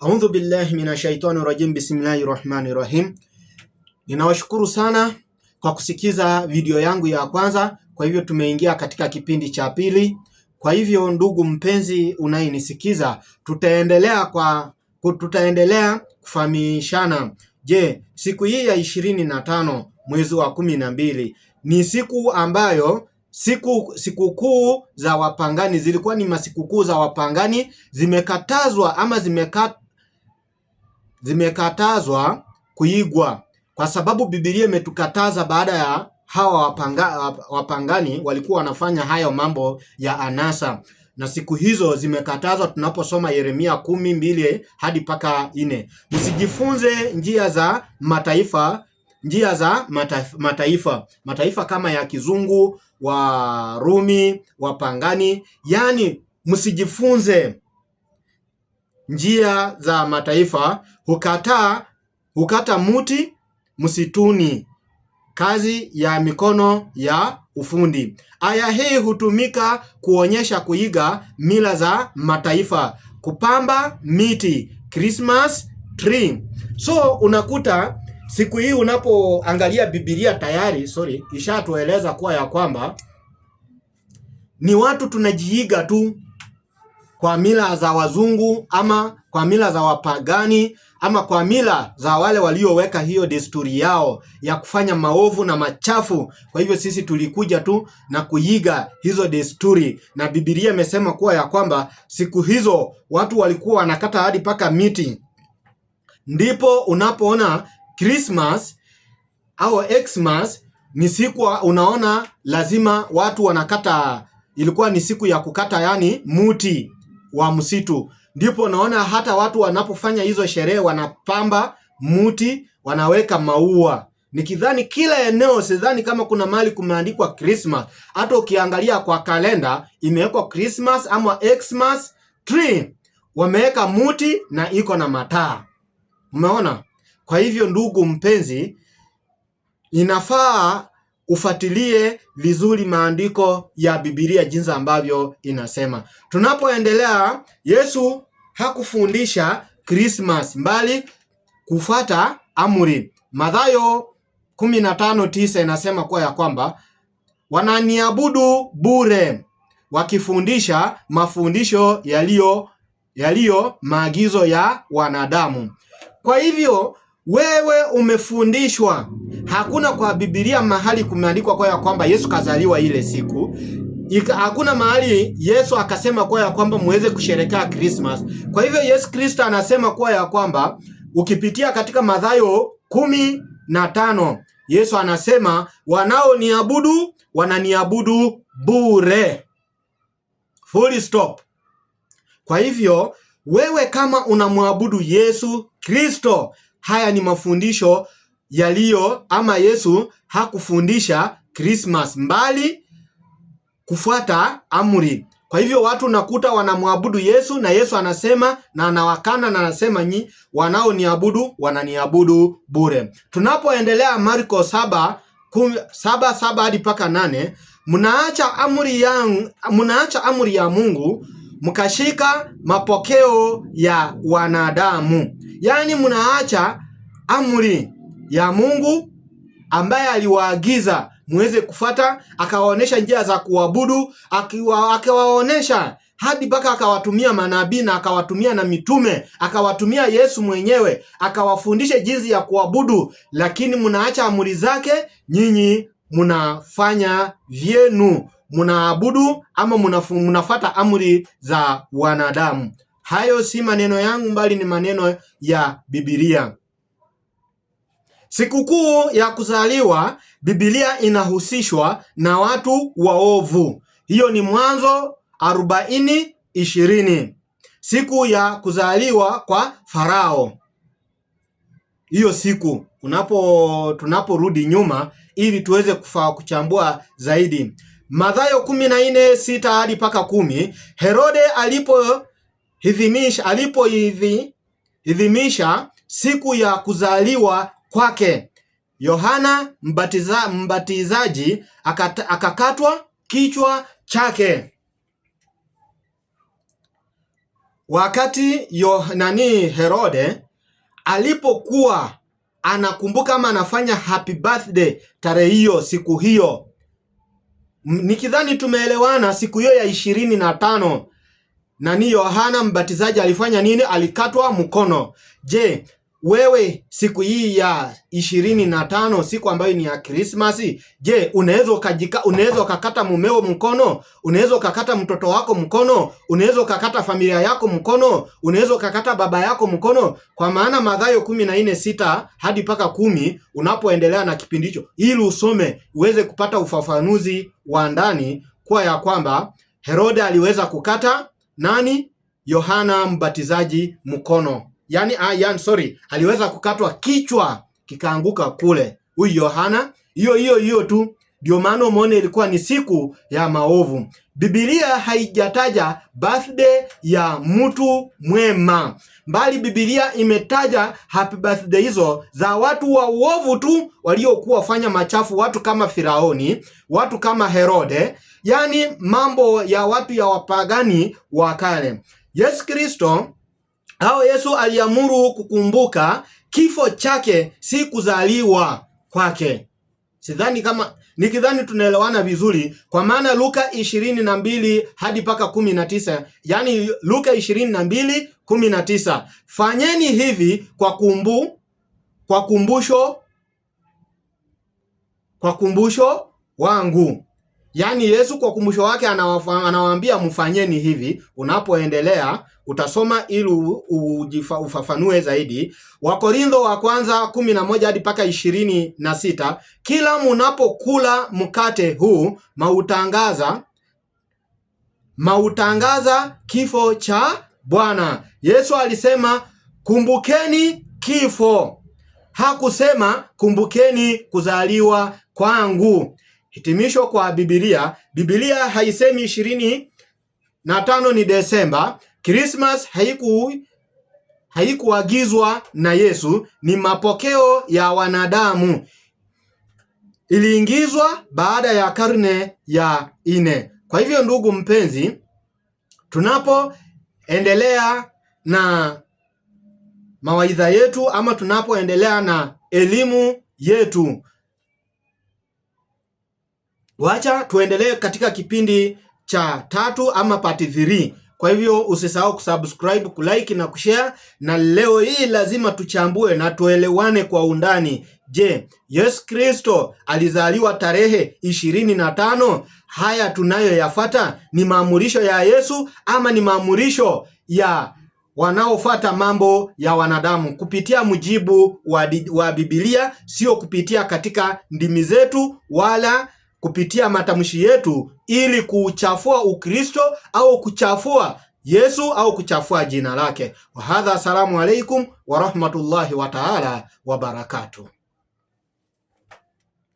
Audhu billahi minashaitani rajim. Bismillahi rahmani rahim. Ninawashukuru sana kwa kusikiza video yangu ya kwanza. Kwa hivyo tumeingia katika kipindi cha pili. Kwa hivyo ndugu mpenzi unayenisikiza, tutaendelea kwa tutaendelea kufahamishana. Je, siku hii ya ishirini na tano mwezi wa kumi na mbili ni siku ambayo siku sikukuu za wapangani zilikuwa ni masikukuu za wapangani zimekatazwa ama zimekata zimekatazwa kuigwa kwa sababu Biblia imetukataza baada ya hawa wapanga, wapangani walikuwa wanafanya hayo mambo ya anasa na siku hizo zimekatazwa. Tunaposoma Yeremia kumi mbili hadi paka nne, msijifunze njia za mataifa njia za mataifa mataifa kama ya Kizungu, Warumi, wapangani, yaani msijifunze njia za mataifa, hukata hukata muti msituni, kazi ya mikono ya ufundi. Aya hii hutumika kuonyesha kuiga mila za mataifa, kupamba miti Christmas tree. So unakuta siku hii unapoangalia Biblia tayari, sorry, ishatueleza kuwa ya kwamba ni watu tunajiiga tu kwa mila za wazungu ama kwa mila za wapagani ama kwa mila za wale walioweka hiyo desturi yao ya kufanya maovu na machafu. Kwa hivyo sisi tulikuja tu na kuiga hizo desturi, na Biblia imesema kuwa ya kwamba siku hizo watu walikuwa wanakata hadi paka miti. Ndipo unapoona Christmas au Xmas ni siku unaona lazima watu wanakata, ilikuwa ni siku ya kukata yani muti wa msitu. Ndipo naona hata watu wanapofanya hizo sherehe wanapamba muti, wanaweka maua. Nikidhani kila eneo, sidhani kama kuna mahali kumeandikwa Christmas. Hata ukiangalia kwa kalenda imewekwa Christmas ama Xmas tree, wameweka muti na iko na mataa. Umeona? Kwa hivyo ndugu mpenzi, inafaa ufuatilie vizuri maandiko ya Biblia jinsi ambavyo inasema. Tunapoendelea, Yesu hakufundisha Christmas mbali kufata amri. Mathayo 15:9 inasema kuwa ya kwamba wananiabudu bure wakifundisha mafundisho yaliyo yaliyo maagizo ya wanadamu. Kwa hivyo wewe umefundishwa. Hakuna kwa Biblia mahali kumeandikwa kwa ya kwamba Yesu kazaliwa ile siku. Ika, hakuna mahali Yesu akasema kwa ya kwamba muweze kusherekea Christmas. Kwa hivyo Yesu Kristo anasema kwa ya kwamba ukipitia katika Mathayo kumi na tano Yesu anasema wanaoniabudu wananiabudu bure. Full stop. Kwa hivyo wewe kama unamwabudu Yesu Kristo Haya ni mafundisho yaliyo ama, Yesu hakufundisha Christmas mbali kufuata amri. Kwa hivyo watu nakuta wanamwabudu Yesu na Yesu anasema na anawakana na anasema nyi wanaoniabudu wananiabudu bure. Tunapoendelea Marko saba saba saba hadi paka nane mnaacha amri ya mnaacha amri ya Mungu mkashika mapokeo ya wanadamu yaani mnaacha amri ya Mungu ambaye aliwaagiza muweze kufata, akawaonesha njia za kuabudu, akawaonesha hadi mpaka akawatumia manabii na akawatumia na mitume, akawatumia Yesu mwenyewe akawafundisha jinsi ya kuabudu, lakini mnaacha amri zake. Nyinyi mnafanya vyenu, mnaabudu ama mnafata amri za wanadamu. Hayo si maneno yangu, bali ni maneno ya Biblia. Sikukuu ya kuzaliwa, Biblia inahusishwa na watu waovu. Hiyo ni Mwanzo arobaini ishirini. Siku ya kuzaliwa kwa Farao, hiyo siku unapo tunaporudi nyuma ili tuweze kufaa kuchambua zaidi Mathayo kumi na nne sita hadi mpaka kumi. Herode alipo hidhimisha alipoidhimisha siku ya kuzaliwa kwake Yohana mbatiza, mbatizaji akata, akakatwa kichwa chake. Wakati Yohanani Herode alipokuwa anakumbuka ama anafanya happy birthday tarehe hiyo siku hiyo, nikidhani tumeelewana, siku hiyo ya ishirini na tano nani Yohana Mbatizaji alifanya nini? Alikatwa mkono. Je, wewe siku hii ya ishirini na tano siku ambayo ni ya Krismasi, je, unaweza ukajika, unaweza ukakata mumeo mkono? Unaweza ukakata mtoto wako mkono? Unaweza ukakata familia yako mkono? Unaweza ukakata baba yako mkono? Kwa maana Mathayo kumi na nne sita hadi mpaka kumi unapoendelea na kipindi hicho, ili usome uweze kupata ufafanuzi wa ndani, kuwa ya kwamba Herode aliweza kukata nani? Yohana Mbatizaji mkono, yani, ah, yani, sorry, aliweza kukatwa kichwa kikaanguka kule. Huyu Yohana hiyo hiyo hiyo tu ndio maana umeona ilikuwa ni siku ya maovu. Biblia haijataja birthday ya mtu mwema, bali Biblia imetaja happy birthday hizo za watu wa uovu tu waliokuwa wafanya machafu, watu kama Firaoni, watu kama Herode, yaani mambo ya watu ya wapagani wa kale. Yesu Kristo au Yesu aliamuru kukumbuka kifo chake, si kuzaliwa kwake. Sidhani kama Nikidhani tunaelewana vizuri, kwa maana Luka ishirini na mbili hadi paka kumi na tisa yaani Luka ishirini na mbili kumi na tisa fanyeni hivi kwa kumbu kwa kumbusho kwa kumbusho wangu. Yaani Yesu kwa kumbusho wake anawaambia mfanyeni hivi, unapoendelea utasoma ili ufafanue zaidi. Wakorintho wa kwanza kumi na moja hadi mpaka ishirini na sita kila munapokula mkate huu mautangaza mautangaza kifo cha Bwana. Yesu alisema kumbukeni kifo, hakusema kumbukeni kuzaliwa kwangu. Hitimisho kwa Biblia. Biblia haisemi ishirini na tano ni Desemba. Christmas haiku haikuagizwa na Yesu, ni mapokeo ya wanadamu. Iliingizwa baada ya karne ya nne. Kwa hivyo, ndugu mpenzi, tunapoendelea na mawaidha yetu ama tunapoendelea na elimu yetu Wacha tuendelee katika kipindi cha tatu ama part 3. Kwa hivyo usisahau kusubscribe, kulike na kushare, na leo hii lazima tuchambue na tuelewane kwa undani. Je, Yesu Kristo alizaliwa tarehe ishirini na tano? Haya tunayoyafata ni maamurisho ya Yesu ama ni maamurisho ya wanaofata mambo ya wanadamu kupitia mujibu wa, wa Biblia, sio kupitia katika ndimi zetu wala kupitia matamshi yetu ili kuchafua Ukristo au kuchafua Yesu au kuchafua jina lake. Wahadha, assalamu alaikum warahmatullahi wataala wabarakatuh.